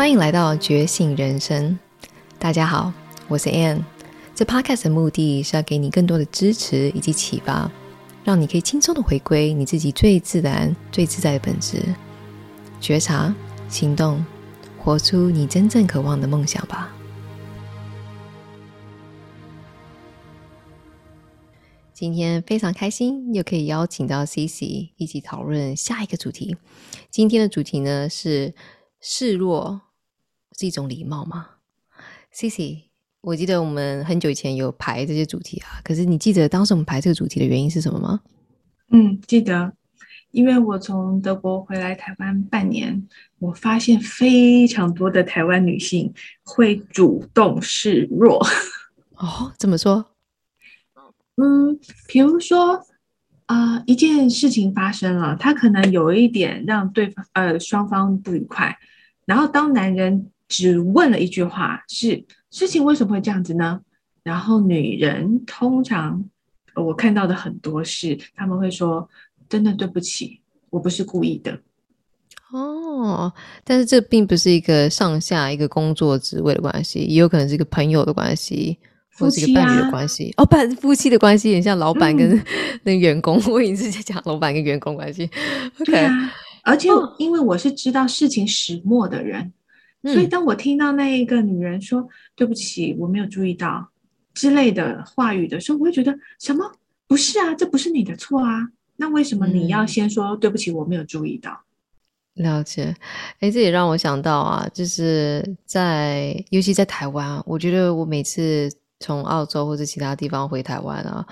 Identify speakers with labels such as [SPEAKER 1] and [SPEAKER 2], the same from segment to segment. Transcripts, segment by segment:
[SPEAKER 1] 歡迎來到覺醒人生，大家好，我是 Ann。這 Podcast 的目的是要給你更多的支持以及啟發，讓你可以輕鬆的回歸你自己最自然、最自在的本質，覺察、行動，活出你真正渴望的夢想吧。今天非常開心又可以邀請到 Cici 一起討論下一個主題。今天的主題呢是示弱。是一種禮貌嗎？西西，我記得我們很久以前有排這些主題啊。可是你記得當時我們排這個主題的原因是什麼嗎？嗯，
[SPEAKER 2] 記得，因為我從德國回來台灣半年，我發現非常多的台灣女性會主動示弱。 哦，怎麼說？嗯，比如說啊，呃，一件事情發生了，他可能有一點讓對方呃雙方不愉快，然後當男人。只問了一句話，是事情為什麼會這樣子呢？然後女人通常我看到的很多是，她們會說：“真的對不起，我不是故意的。”
[SPEAKER 1] 哦，但是這並不是一個上下一個工作職位的關係，也有可能是一個朋友的關係，啊、
[SPEAKER 2] 或者一個伴侶的關
[SPEAKER 1] 係。哦，伴夫妻的關係有點像老闆跟那、嗯、
[SPEAKER 2] 員工，我一直在講老闆跟員工關係。Okay. 對啊，而且、哦、因為我是知道事情始末的人。所以，當我聽到那一個女人說“對不起，我沒有注意到”之類的話語的時候，我會覺得什麼？不是啊，這不是你的錯啊。那為什麼你要先說“對不起，我沒有注意到、嗯”？
[SPEAKER 1] 了解。哎、欸，這也讓我想到啊，就是在尤其在台灣，我覺得我每次從澳洲或者其他地方回台灣啊，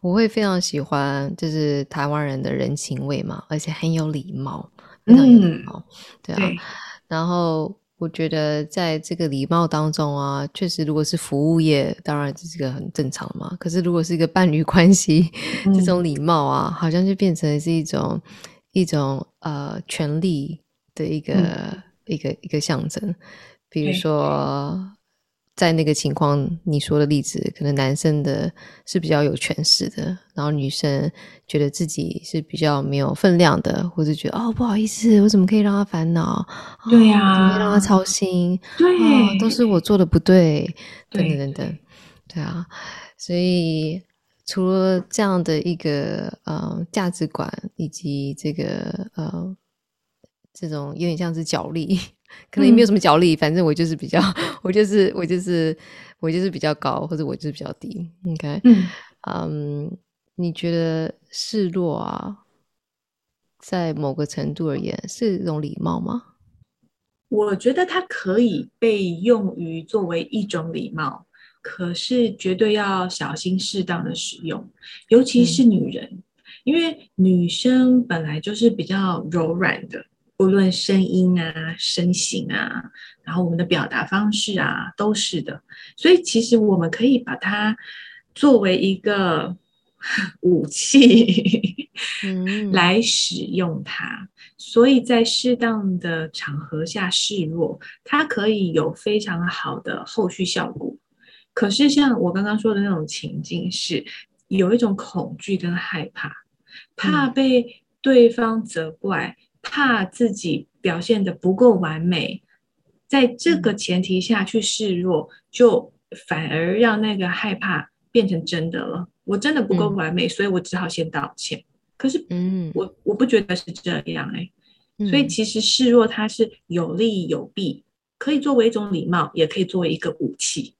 [SPEAKER 1] 我會非常喜歡，就是台灣人的人情味嘛，而且很有禮貌，非常有禮貌。嗯、對啊，對。然後。我覺得在這個禮貌當中啊，確實，如果是服務業，當然這是一個很正常嘛。可是，如果是一個伴侶關係，嗯、這種禮貌啊，好像就變成是一種一種呃權力的一個、嗯、一個一個象徵，比如說。在那個情況，你說的例子，可能男生的是比較有權勢的，然後女生覺得自己是比較沒有分量的，或者覺得哦不好意思，我怎麼可以讓他煩惱？對呀、啊，哦、讓他操心？對、哦，都是我做的不對，對等等等等，對，對啊。所以除了這樣的一個呃、嗯、價值觀，以及這個呃、嗯、這種有點像是角力，可能也沒有什麼角力，嗯、反正我就是比較，我就是我就是我就是比較高，或者我就是比較低應該。Okay? 嗯，um, 你覺得示弱啊，在某個程度而言是這種禮貌嗎？
[SPEAKER 2] 我覺得它可以被用於作為一種禮貌，可是絕對要小心適當的使用，尤其是女人，嗯、因為女生本來就是比較柔軟的。無論聲音啊、身形啊，然後我們的表達方式啊，都是的。所以，其實我們可以把它作為一個武器，嗯、來使用它。所以在適當的場合下示弱，它可以有非常好的後續效果。可是，像我剛剛說的那種情境是，是有一種恐懼跟害怕，怕被對方責怪。嗯怕自己表現得不夠完美，在這個前提下去示弱，就反而讓那個害怕變成真的了。我真的不夠完美，嗯、所以我只好先道歉。可是，嗯，我我不覺得是這樣誒、欸。所以其實示弱它是有利有弊，嗯、可以作為一種禮貌，也可以作為一個武器。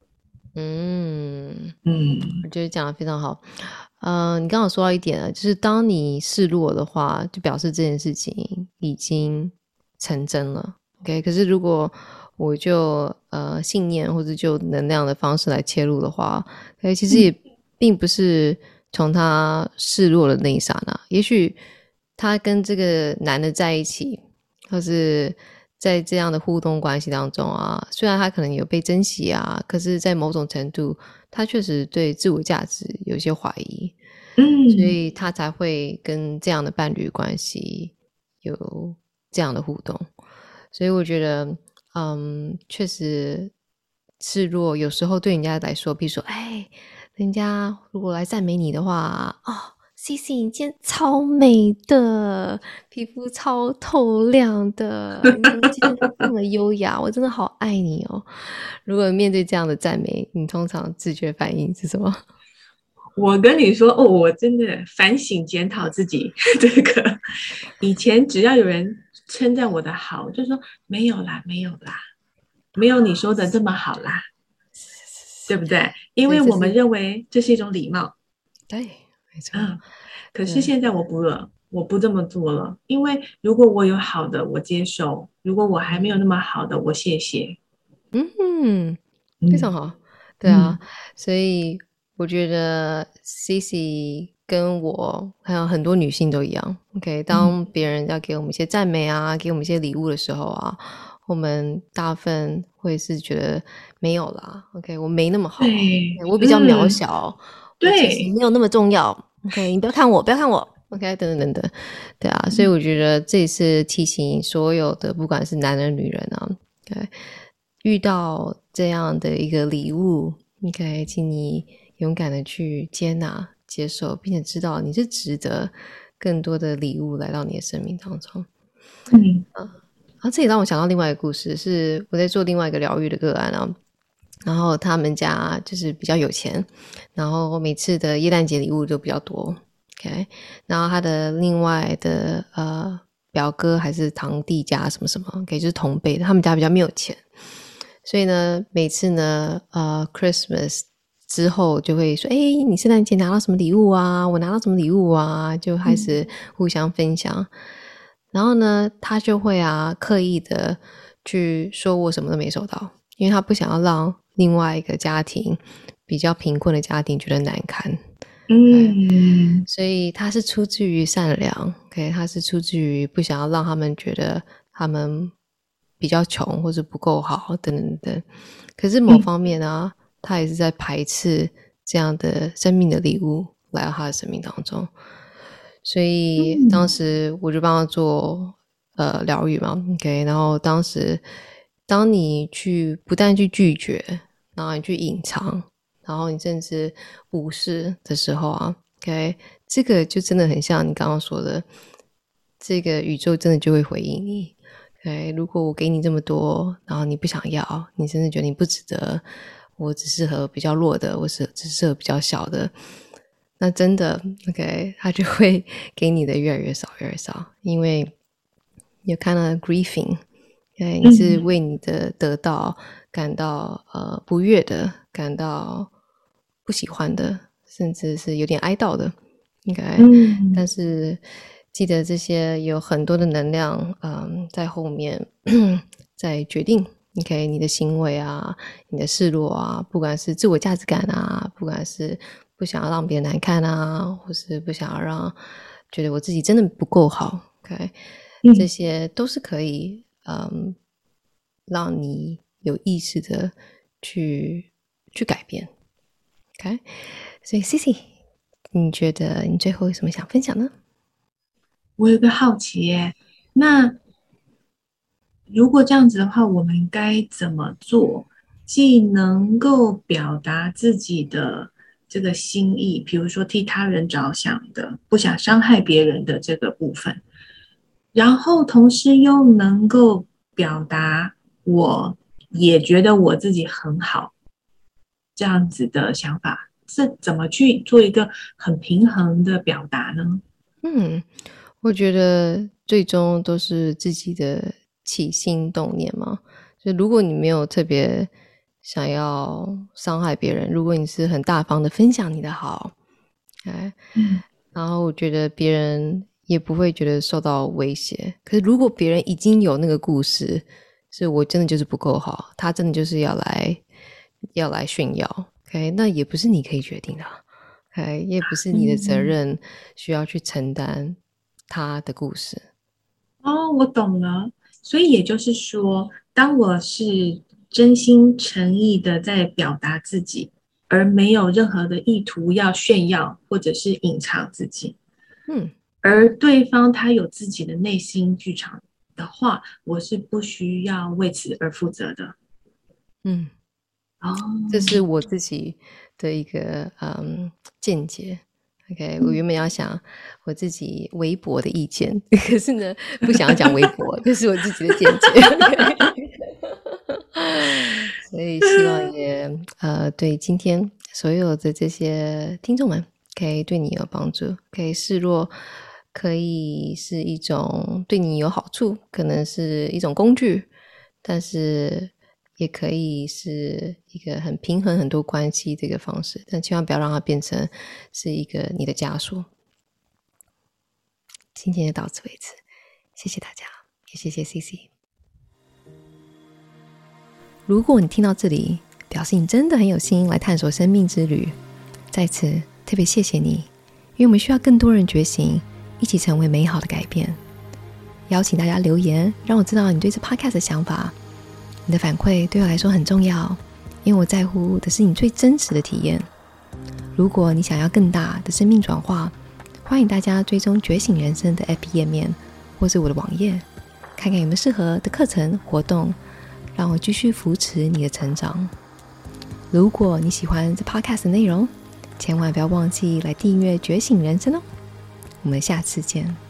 [SPEAKER 1] 嗯嗯，嗯我覺得講得非常好。嗯、呃，你剛好說到一點啊，就是當你示弱的話，就表示這件事情已經成真了。OK，可是如果我就呃信念或者就能量的方式來切入的話 o、okay? 所以其實也並不是從他示弱的那一剎那，也許他跟這個男的在一起，或是。在這樣的互動關係當中啊，雖然他可能有被珍惜啊，可是，在某種程度，他確實對自我價值有一些懷疑，嗯，所以他才會跟這樣的伴侶關係有這樣的互動。所以我覺得，嗯，確實示弱有時候對人家來說，比如說，哎，人家如果來讚美你的話，哦 C C，你今天超美的，皮膚超透亮的，這 麼優雅，我真的好愛你哦！如果面對這樣的讚美，你通常自覺反應是什麼？
[SPEAKER 2] 我跟你說哦，我真的反省檢討自己。這個以前只要有人稱讚我的好，我就說沒有啦，沒有啦，沒有你說的這麼好啦，對不對？因為我們認為這是一種禮貌，對。可是現在我不了。我不這麼做了。因為如果我有好的，我接受；如果我還沒有那麼好的，我謝謝。嗯，非常好。嗯、對啊，嗯、
[SPEAKER 1] 所以我覺得 cc 跟我還有很多女性都一樣。OK，當別人要給我們一些讚美啊，嗯、給我們一些禮物的時候啊，我們大部分會是覺得沒有了。OK，我沒那麼好，欸 okay? 我比較渺小。嗯對，沒有那麼重要。對 OK，你不要看我， 不要看我。OK，等等等等，對啊，嗯、所以我覺得這一次提醒所有的，不管是男人女人啊，對、OK，遇到這樣的一個禮物，OK，請你勇敢的去接納、接受，並且知道你是值得更多的禮物來到你的生命當中。嗯啊，然後這也讓我想到另外一個故事，是我在做另外一個療癒的個案啊。然後他們家就是比較有錢，然後每次的耶誕節禮物都比較多。OK，然後他的另外的呃表哥還是堂弟家什麼什麼，OK 就是同輩的，他們家比較沒有錢，所以呢每次呢呃 Christmas 之後就會說，哎，你聖誕節拿到什麼禮物啊？我拿到什麼禮物啊？就開始互相分享。嗯。然後呢，他就會啊刻意的去說我什麼都沒收到，因為他不想要讓。另外一個家庭比較貧困的家庭覺得難堪，嗯,嗯，所以他是出自於善良，OK，他是出自於不想要讓他們覺得他們比較窮或者不夠好等等等等。可是某方面呢、啊，嗯，他也是在排斥這樣的生命的禮物來到他的生命當中。所以當時我就幫他做呃療癒嘛，OK，然後當時。當你去不斷去拒絕，然後你去隱藏，然後你甚至無視的時候啊，OK，這個就真的很像你剛剛說的，這個宇宙真的就會回應你。OK，如果我給你這麼多，然後你不想要，你甚至覺得你不值得，我只適合比較弱的，我只只適合比較小的，那真的 OK，他就會給你的越來越少，越來越少，因為你有看到 griefing。對，okay, 你是為你的得到感到，嗯嗯感到呃不悅的，感到不喜歡的，甚至是有點哀悼的，應該。但是記得這些有很多的能量，嗯、呃，在後面 在決定。你可以，你的行為啊，你的示弱啊，不管是自我價值感啊，不管是不想要讓別人難看啊，或是不想要讓覺得我自己真的不夠好，OK，、嗯、這些都是可以。嗯，um, 讓你有意識的去去改變。OK，所以 Cici，你覺得你最後有什麼想分
[SPEAKER 2] 享呢？我有個好奇耶、欸，那如果這樣子的話，我們該怎麼做，既能夠表達自己的這個心意，比如說替他人着想的，不想傷害別人的這個部分？然後，同時又能夠表達，我也覺得我自己很好，這樣子的想法，是怎麼去做一個很平衡的表達呢？嗯，
[SPEAKER 1] 我覺得最終都是自己的起心動念嘛。所以如果你沒有特別想要傷害別人，如果你是很大方的分享你的好，哎、okay，嗯、然後我覺得別人。也不會覺得受到威脅。可是，如果別人已經有那個故事，是我真的就是不夠好，他真的就是要來要來炫耀。OK，那也不是你可以決定的，OK，也不是你的責任需要去承擔他的故事。
[SPEAKER 2] 哦，我懂了。所以也就是說，當我是真心誠意的在表達自己，而沒有任何的意圖要炫耀或者是隱藏自己，嗯。而對方他有自己的內心劇場的話，我是不需要為此而負責的。嗯，Oh. 這是我自
[SPEAKER 1] 己的一個嗯見解。OK，、嗯、我原本要想我自己微博的意見， 可是呢， 不想要講微博， 這是我自己的見解。Okay? 所以希望也、呃、對今天所有的這些聽眾們，可以對你有幫助，可以示弱，可以是一種對你有好處，可能是一種工具，但是也可以是一個很平衡很多關係的一個方式。但千萬不要讓它變成是一個你的枷鎖。今天就到此為止，謝謝大家，也謝謝 CC。如果你聽到這裡，表示你真的很有心來探索生命之旅，在此特別謝謝你，因為我們需要更多人覺醒。一起成為美好的改變。邀請大家留言，讓我知道你對這 podcast 的想法。你的反饋對我來說很重要，因為我在乎的是你最真實的體驗。如果你想要更大的生命轉化，歡迎大家追蹤“覺醒人生”的 APP 頁面，或是我的網頁，看看有沒有適合的課程活動，讓我繼續扶持你的成長。如果你喜歡這 podcast 的內容，千萬不要忘記來訂閱“覺醒人生”哦。我們下次見。